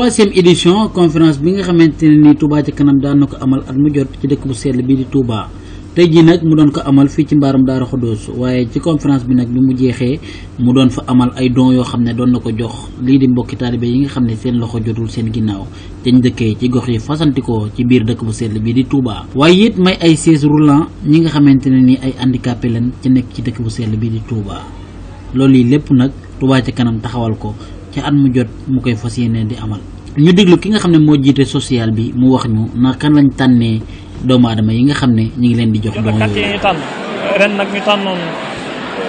troisième édition conférence bi nga xamanteni ni Touba ci kanam da naka amal at mu jot ci dekk bu sel bi di Touba tay ji nak mu don ko amal fi ci mbaram Daara khodous waye ci conférence bi nak bi mu jexé mu don fa amal ay don yo xamné don nako jox li di mbokki talibé yi nga xamné ne seen loxo jotul seen ginnaw te ñu dëkkee ci gox yi fasantikoo ci biir dekk bu sel bi di Touba. waye it may ay chaise roulant ñi nga xamanteni ni ay handicapé lañ ci nek ci dekk bu sel bi di Touba loolu lepp nak Touba ci kanam taxawal ko ci at mu jot mu koy fas di amal ñu déglu ki nga xamne ne jité social bi mu wax ñu na kan lañ tànnee doomu aadama yi nga xamne ñi ngi leen di jox doom quartier ñu tan ren nak ñu non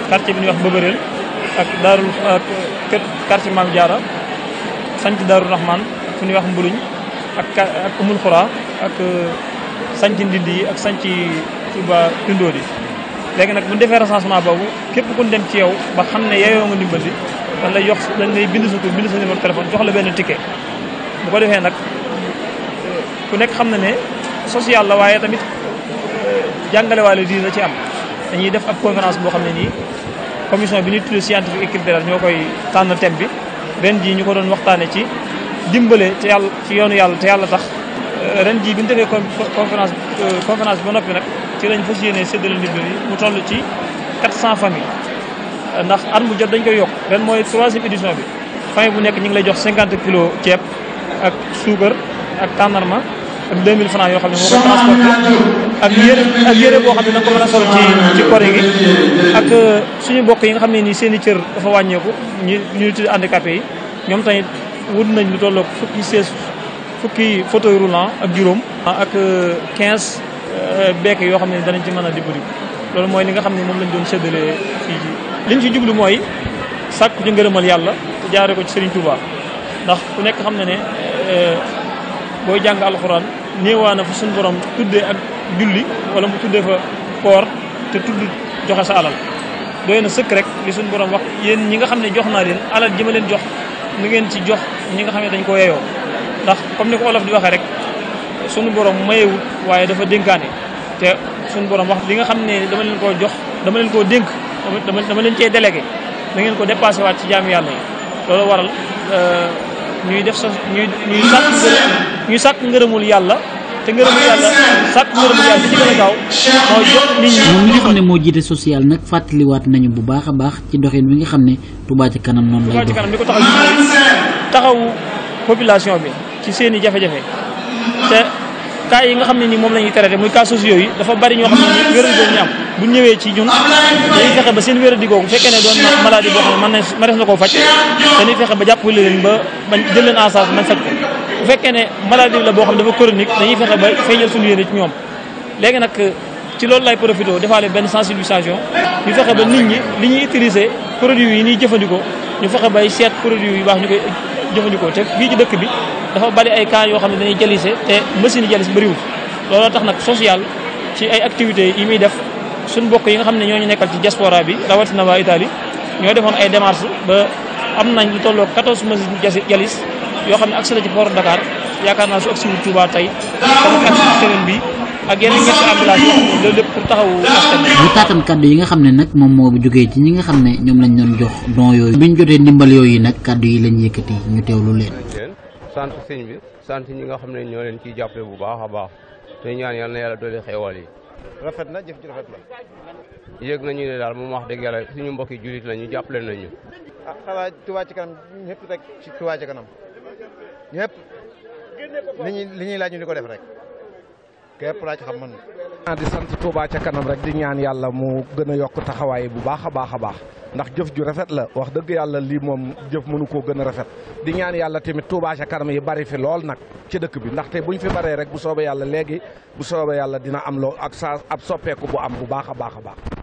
quartier bi ñu wax bëbëreel ak darul ak quartier mam jaara sanc darul rahman fu ñu wax mbuluñ ak ak umul khura ak euh, sanc ndindi ak sanc tuba tundóo di nak bu ñu recensement boobu képp ku dem ci yow ba xamne ne nga dimbali dañ lay yox dañ lay bind sa tur bind sa numéro téléphone jox la benn ticket bu ko defee nag ku nekk xam na ne social la waaye tamit euh, jàngale waale la ci am dañuy def ab conférence boo xam ne nii commission bi ñuy tuddee scientifique et culturelle ñoo koy tànn thème bi ren jii ñu ko doon waxtaane ci dimbale ci yàlla ci yoonu yàlla te yàlla tax euh, ren jii bi ñu defee conférence euh, conférence bi ba noppi nag ci lañ fas yéene séddale ndimbal yi mu toll ci 400 familles ndax at mu jot dañ koy yokk ren mooy troisième édition bi famille bu nekk ñu ngi lay jox cinquante kilos ceeb ak suukar ak tàndarma ak mille francs yoo xam ne ak yére ak boo xam ne da nga ko euh, suñu mbokk yi nga xam ne nii seeni i cër dafa wàññeeku ñu ñu tudd handicapé yi ñoom tamit wut nañ lu tolloog fukki sées fukki fauteuil roulant ak juróom ak 15 euh, euh, beek yoo xam ne danañ ci mën a dimbali loolu mooy li nga xam ne moom lañ doon séddale fii ci liñ ci jublu mooy sàkku ci ngërëmal yàlla te jaare ko ci Serigne Touba ndax ku nekk xam ne ne euh, boo jàng alxuraan néewaa na fa suñu borom tuddee ak julli wala mu tuddee fa koor te tudd joxe sa alal doy na sëkk rek li suñu borom wax yéen ñi nga xam ne jox naa leen alal ji ma leen jox nu ngeen ci jox ñi nga xam ne dañ koo yeyoo ndax comme ni ko olof di waxee rek suñu borom mayewut waaye dafa dénkaane te suñu borom wax li nga xam ne dama leen koo jox dama koo dénk dama dama leen cee délégué da ko dépassé waat ci jaamu yàlla yi loolu waral euh, ñuy def sa ñuy ñuy sàkk ngërëmul yàlla te ngërëmul yàlla sàkk ngërëmul yàlla ci gën a gaaw mooy jot nit ñi. moom xam ne moo jiite social nag fàttaliwaat nañu bu baax a baax ci doxin wi nga xam ne Touba ci kanam noonu lay dox. Touba ko taxawu population bi ci seeni i jafe-jafe te. cas yi nga xam ne nii moom la ñuy traité muy cas sociaux yi dafa bari ñoo xam ne nii wéradi ñu am bu ñëwee ci ñun dañuy fexe ba seen wéradi googu fekkee ne doon maladie boo xam ne mën na mares na koo faj dañuy fexe ba jàppale leen ba ne maladie la boo xam ne dafa chronique dañuy fexe ba feeñal suñu yéene ci ñoom léegi nag ci loolu lay profité defaale benn sensibilisation ñu fexe ba nit ñi li ñuy utiliser produit yi ñuy jëfandikoo ñu fexe bay seet produit yu baax ñu koy jëfandikoo te fii ci dëkk bi dafa bari ay cas yoo xam ne dañuy jalise te machine jalis wu looloo tax nag social ci ay activité yi muy def suñ bokk yi nga xam ne ñoo ñu nekkal ci diaspora bi rawatina waa Italie ñoo defoon ay démarches ba am nañ lu tolloo 14 machines jalis yoo xam ne accès ci port Dakar yaakaar naa su agsi wu Touba tey bi ak yeneen ñetti ambulance loolu lépp pour yi nga xam ne nag moom moo sant sëñ bi sant ñi nga xam ne ñoo leen ci jàppale bu baax a baax te ñaan yal na yàlla doole xeewal yi. rafet na jëf ji rafet la yëg nañu ne daal mu wax dëgg yàlla suñu mbokki julit lañu jàppale nañu. ah xanaa ci Kanam ñëpp rek ci Touba ci Kanam ñëpp li ñuy li ñuy laaj ñu di ko def rek képp laa ci xam man. di sant Touba ca kanam rek di ñaan yàlla mu gën a yokk taxawaay bu baax a baax a baax ndax jëf ju rafet la wax dëgg yàlla lii moom jëf mënu koo gën a rafet di ñaan yàlla tamit Touba ca kanam yi bari fi lool nag ci dëkk bi ndaxte buñ fi baree rek bu soobee yàlla léegi bu soobee yàlla dina am loo ak saa ab soppeeku bu am bu baax a baax a baax